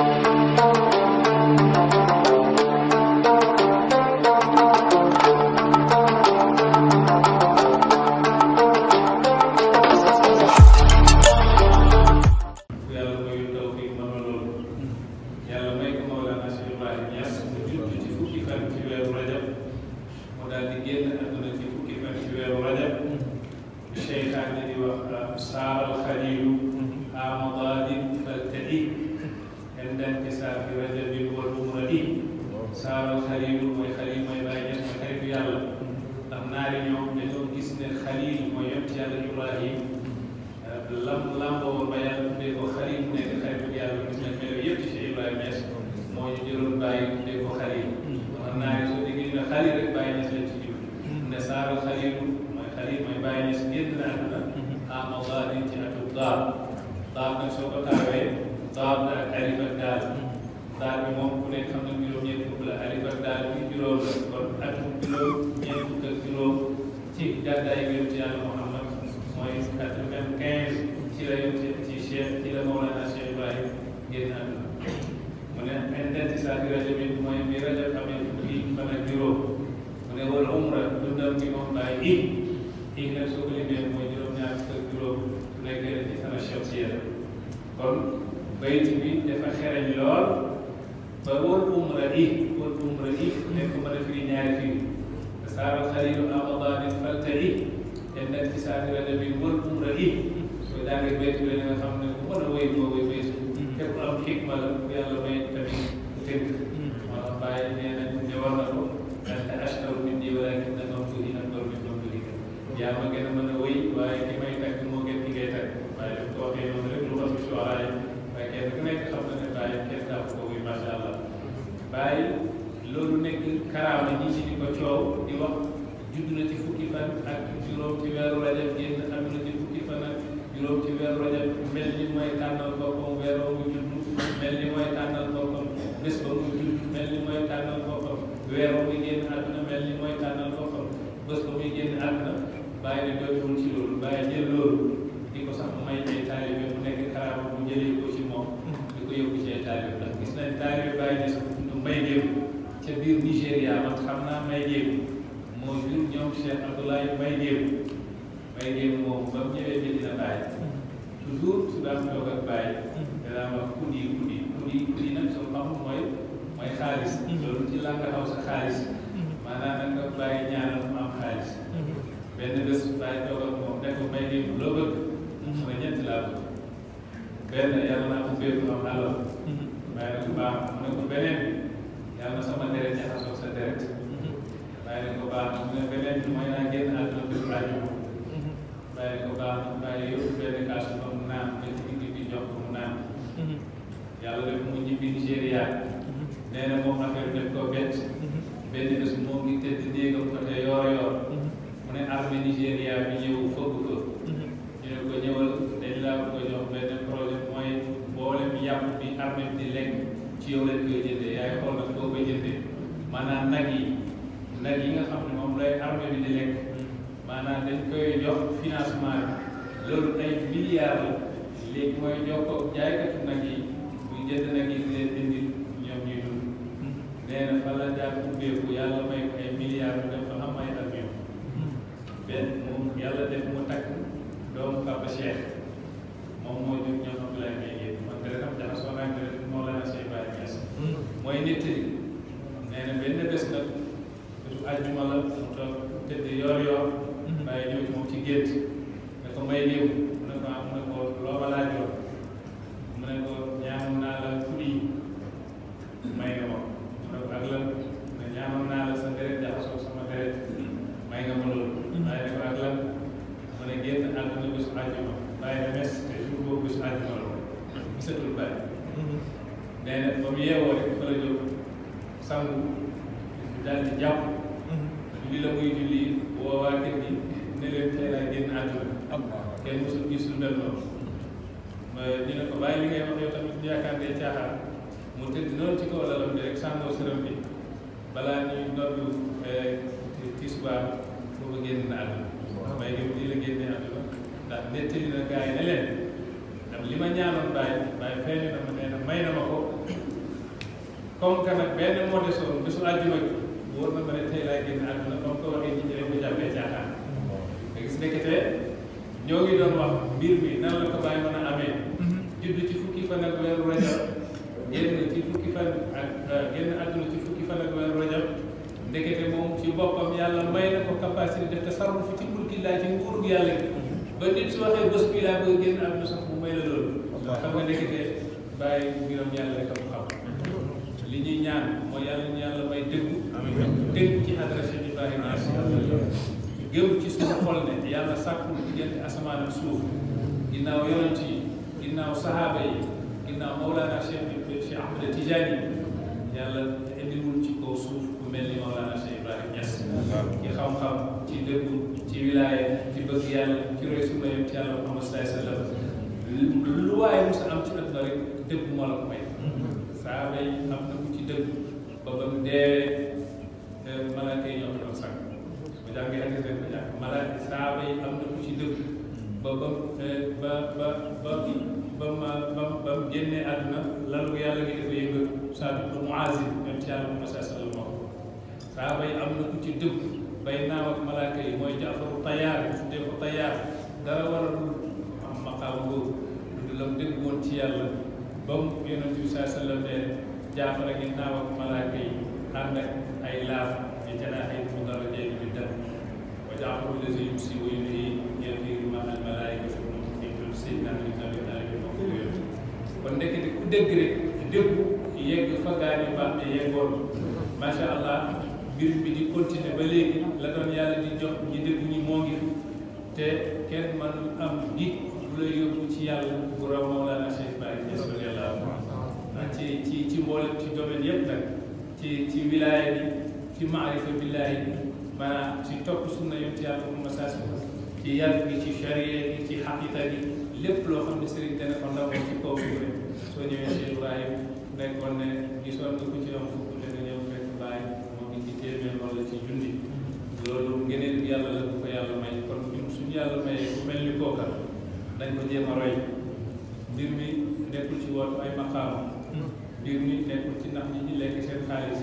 Thank you. bàyyi tuddee ko xalil man mm. naa soo déggee nga xalil rek bàyyi na si lañ ci jublu mm. ne saaru xalilu mooy xalil mooy bàyyi na si génn na àdduna mm-hmm. ama darin ci atu daab daab nag soo ko taawee daab na ak alif ak daal mm-hmm. moom ku nekk xam na juróom-ñeent fukk la alif ak daal bi juróom la kon atum juróom ñeent fukk ak juróom ci gàddaay yonent yàlla Muhammad mooy quatre-vingt-quinze ci la yonent ci Cheikh ci la Mawlana Cheikh Ibrahim génn àdduna سادي رجب مهم رجب أمين كلي فنجرو من أول عمرة دون من هم لايقين إن سوق لي من مجرو من أكثر جرو نجرو في سنة شخصية كم بيت بي دفع خير اللور بقول عمرة إيه بقول عمرة إيه لكم أنا في نعرفين صار الخليل أمضى من فلتعي إن سادي رجب بقول عمرة إيه ودار البيت لنا خمنا ولا وين وين بيت كم أم حكمة يلا بيت bés ba muy génn àdduna bàyyi ne doyul ci loolu bàyyi jël loolu di ko sax may ay taalibe mu nekk xaraaba mu jëlee ko ci moom di ko yóbbu ci ay taalibe ndax gis nañ taalibe bàyyi ne sax du mbay géegu ca biir Nigéria man xam naa mbay géegu moom jur ñoom Cheikh Abdoulaye mbay géegu mbay géegu moom ba mu ñëwee Medina Baye toujours su daan toog ak Baye danaa wax kuddi kuddi kuddi kuddi nag soo xam mooy mooy xaalis mm-hmm. loolu ci làkk xaw sa xaalis mm-hmm. maanaam nag nga bàyyi ñaanal xaalis benn bés bàyyi toogal moom ne ko may nii loo bëgg mu ne ñett laa bëgg benn yàlla naa ko fépp am alal bàyyi na ko baax mu ne ko beneen yàlla na sama deret jaxasoo sa deret bàyyi na ko baax mu ne beneen bi mooy naa génn àdduna bi rajo bàyyi na ko baax bàyyi yóbbu benn kaasu ba mu naan ba ci ngi bi jox ko mu naan yàlla def mu ñibbi Nigéria nee na moom affaire def ko bett benn bés moom ngi tëdd jëndee yaay xool nag boo koy jëndee maanaam nag yi nag yi nga xam ne moom lay armée bi di lekk maanaam dañ koy jox financement bi loolu ay milliards la léegi mooy jox ko jaaykatu nag yi muy jënd nag yi di leen indi ñoom ñuy dund nee na fa la jaar ubbeeku yàlla may ko ay milliards dafa am ay avion benn moom yàlla def mu takk doomu Papa Cheikh moom moo ba mu yeewoo rek fa la jóg sangu daal di jàpp mhm. li la muy julli woo kër gi ne leen tey laa génn àdduna kenn mosul gis lu mel noonu ma ne ko li ngay wax yow tamit ñu yaakaar ne caaxaan mu tëdd noonu ci kaw lalam bi rek sàngoo sëram bi balaa ñuy noddu eh, tisbaar boobu génn na àdduna may gi lii la génnee àdduna ndax nettali na gars yi ne leen li ma ñaanoon bàyyi bàyyi feeñu na ma nee na may na ma ko comme que nag benn moo desoon bisu àjjuma bi wóor na ma ne tey laay génn àdduna comme que waxee nit ñi rek ñu jàppee caaxaan nga gis nekkete ñoo ngi doon wax mbir mi nan la ko bàyyi mën a amee mm-hmm. judd ci fukki fan ak weeru rajab génn ci fukki fan ak euh, génn àdduna ci fukki fan ak weeru rajab ndekete moom ci boppam yàlla may na ko capacité def tasarruf ci mulki laa ci nguur gi yàlla gi ba nit su waxee bés bi laa bëgg génn àdduna sax mu may la loolu xam nga ndekete bàyyi ngiram yàlla rek am xam li ñuy ñaan mooy yàlla ñu may déglu dégg ci adresse yi Ibrahima gëm ci suñu xol ne yàlla sàkkul diggante asamaan ak suuf ginnaaw yonent yi ginnaaw sahaaba yi ginnaaw Mawlana Cheikh Cheikh Ahmed Tidiane yàlla indiwul ci kaw suuf ku mel ni Mawlana Cheikh Ibrahima xam-xam ci dëggu ci wilaaya ci bëgg yàlla ci roy sunna yonent yàlla Muhammad sallallahu alayhi wa sallam lu waaye mos a am ci àdduna rek dëgg moo la ko saaba yi am na ku ci dëgg ba ba mu dee malaaka yi ñoo doon sànq ba jàngee ak seen ba jàng malaaka saaba am na ku ci dëgg ba ba ba ba ba ba ma ba ba mu génnee àdduna lalu yàlla gi dafa yàlla mu masa sallam wax am na ku ci dëgg bay naaw ak malaaka yi mooy jaafaru tayaar su dee ko tayaar dara waral am maqaam boobu lu lam dégg woon ci yàlla ba mu yonent bi saa sallam ne jaafar ak naaw ak malaaka yi ànd ay laaf di janaaxay mu dara jeeg bi dem wa jaafaru lazi yumsi wa yumhi yatiru ma al malaayika ikul si nan li tamit naa bi di fa gaa yi baax ne yeggoon macha bi di continuer ba léegi la doon yàlla di jox ñi dégg ñi moo ngi te kenn mënul am nit lu la yóbbu ci yàlla bu raw Mawlana Cheikh Aziz radiyallahu anhu ndax ci ci ci mboolem ci domaine yëpp nag ci ci wilaaya bi ci maarifa billaahi bi maanaam ci topp sunna yonent yàlla Muhammad sallallahu ci yar bi ci charia bi ci xaqiqa bi lépp loo xam ne sëriñ dana ko ci kaw bi rek soo ñëwee ci Ibrahim nekkoon ne gisoon nga ko ci am fukk da nga ñëw ci téeméer loolu ngeneen yàlla la bu ko yàlla may kon ñun suñu yàlla mayee ku mel ni kooka dañ ko jéem a roy nekkul ci wootu ay maqaama mbir mi nekkul ci nax ñi ñu lekk seen xaalis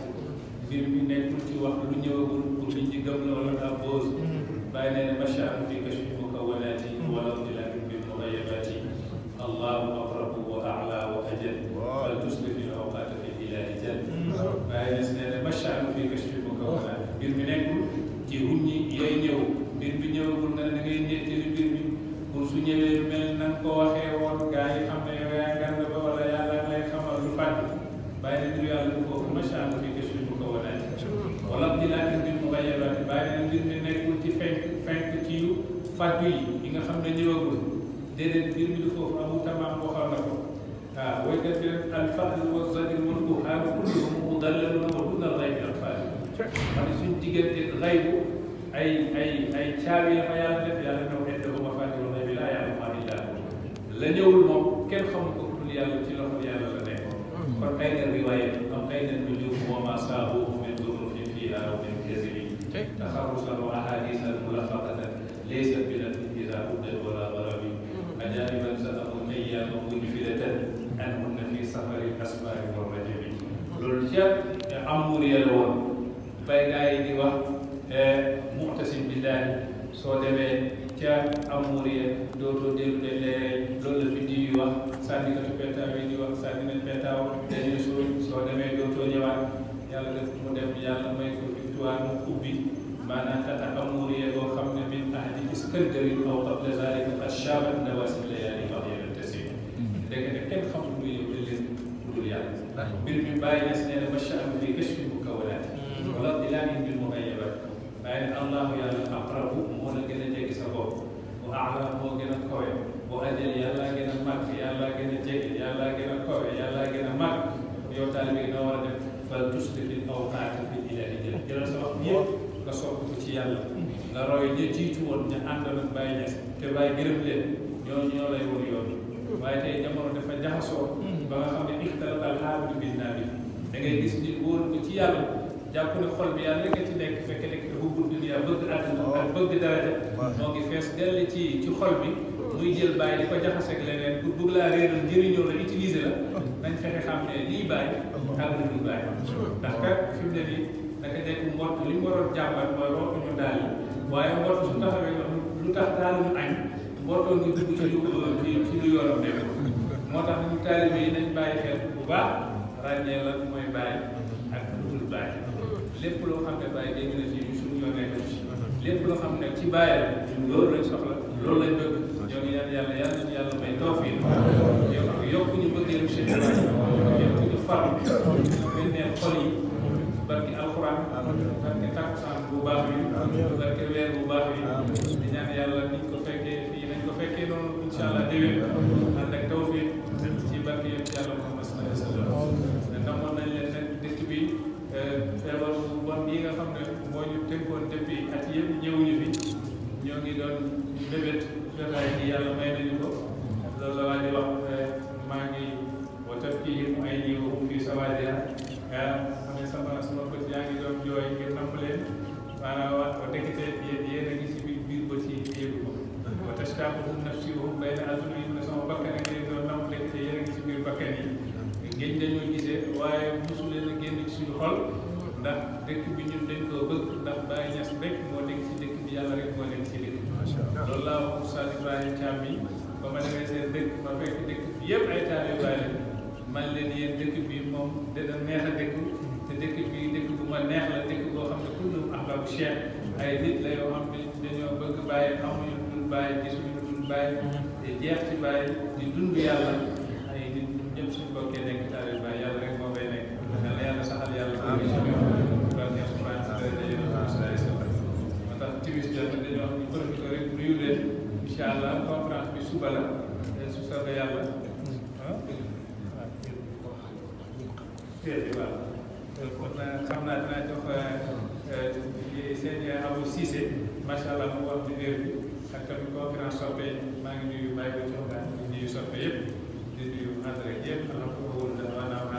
mbir mi nekkul ci wax lu ñëwagul pour nit ñi gëm la wala daa boos bàyyi nee na bachar fi kashfi mukawanaati wala dilaatin bi mugayabaati allahu aqrabu wa aala wa ajal bal tusbi fi awqaati fi ilahi jal bàyyi nes nee na bachar fi kashfi mukawanaati mbir mi nekkul ci ruñ ñi yooy ñëw mbir mi ñëwagul nga ne da ngay ñettali mbir mi pour su ñëwee déedéet mbir mi du foofu abu tamaam waxoon na ko waaw way def rek alfadl wa zadil mun ko xaar kulluhum mudallalun wa duna alxayb alfaal xam ne suñ diggante xaybu ay ay ay caabi ya fa yàlla def yàlla ñëw edd ba ma fàtte wa xaybi laa yàlla maa illaa la ñëwul moom kenn xamu ko dul yàlla ci loxo yàlla la nekk kon xëy na riwaayé am xëy na ñu jëm wa ma saabu min durufin fiha aw min kasiri taxarusan wa ahadisan mulafaqatan yàlla def mu def yàlla may ko victoire mu ubbi maanaam fataha muuriya boo xam ne min ahdi iskandari aw qabla zalika qad shaabat nawaasib layaali qadiran tasir dégg nga kenn xamul muy yow leen dul yàlla ndax mbir mi bàyyi nas nee na mashaahu fi kashfi mukawanaat wala dilaamin bil mughayyabat bàyyi ne allahu yàlla aqrabu moo la gën a jege sa bopp wa aala moo gën a kawe wa ajal yàlla gën a màgg yàlla gën a jege yàlla gën a kawe yàlla gën a màgg yow taalibe bi nga war a def bal tuslifin aw xaatifin ilaa rijal jëlal sa wax yëpp nga sopp ko ci yàlla nga roy ña jiitu woon ña àndoon ak Baye te Baye gërëm leen ñoo ñoo lay woon yoon waaye tey jamono dafa jaxasoo ba nga xam ne ixtalafal xaalu bi naa bi da ngay gis nit wóor ko ci yàlla jàpp ne xol bi yàlla rek a ci nekk fekk nekk dafa bëgg duniyaa bëgg àdduna bëgg daraja moo ngi fees dell ci xol bi muy jël bàyyi di ko jaxase ak leneen pour bëgg laa réeral jëriñoo la utiliser nañ fexe xam ne lii bàyyi ak lu bàyyi ndax kat fi daal moo tax ñu taalibe bu baax ràññee la mooy bàyyi ak lu bàyyi lépp loo xam ne bàyyi dégg na ci suñu nekk lépp loo xam ne ci bàyyi la loolu lañ soxla loolu lañ bëgg ñoo ngi ñaan yàlla yàlla ñu yàlla may tawfiq yokk yokk ñu bëggeelu seen yokk ñu farlu bennee xol yi barke alxuraan barke takkusaan bu baax bi barke weer bu baax bi di ñaan yàlla niñ ko fekkee fii nañ ko fekkee noonu incha allah déwén ànd ak tawfiq ci barke yëpp yàlla Muhammad sallallahu alayhi wa sallam ndamoon nañ leen nag dëkk bi feebar bu bon yi nga xam ne moo ñu tënkoon depuis at yëpp pilih main hiyo kufi sabaja amesa panasema koti yangi dom jo inge tambulen watekete biye biye na gisi bil bil boti yego wa tashtabu nafsi wa hum bayna azmi ibn sama bakkan ngi do nam tekete yere gisi bil bakkan yi ngeen dañu gisé waye musulé na genn ci suñu xol ndax dëkk bi ñun dañ ko bëgg ndax baye ñass rek mo nek ci dëkk bi yalla rek mo nek ci dëkk ma sha Allah loolu la Moussa Ibrahim Thiam bi ba ma demee seen dëkk ma fekk dëkk yépp ay taalibaay lañ man leen yéen dëkk bi moom dana neex a dëkk te dëkk bi dëkk bu ma neex la dëkk boo xam ne ku am la bu cher ay nit la yoo xam ne dañoo bëgg bàyyi amuñu dul bàyyi gisuñu dul bàyyi te mm-hmm. jeex ci bàyyi di dund yàlla ay nit ñëpp suñu bokkee nekk taalibe bàyyi yàlla maa ngi nuyu bàyyi bu Thierno Ka di nuyu soppe yëpp di nuyu André yëpp xanaa ko woon dana maanaam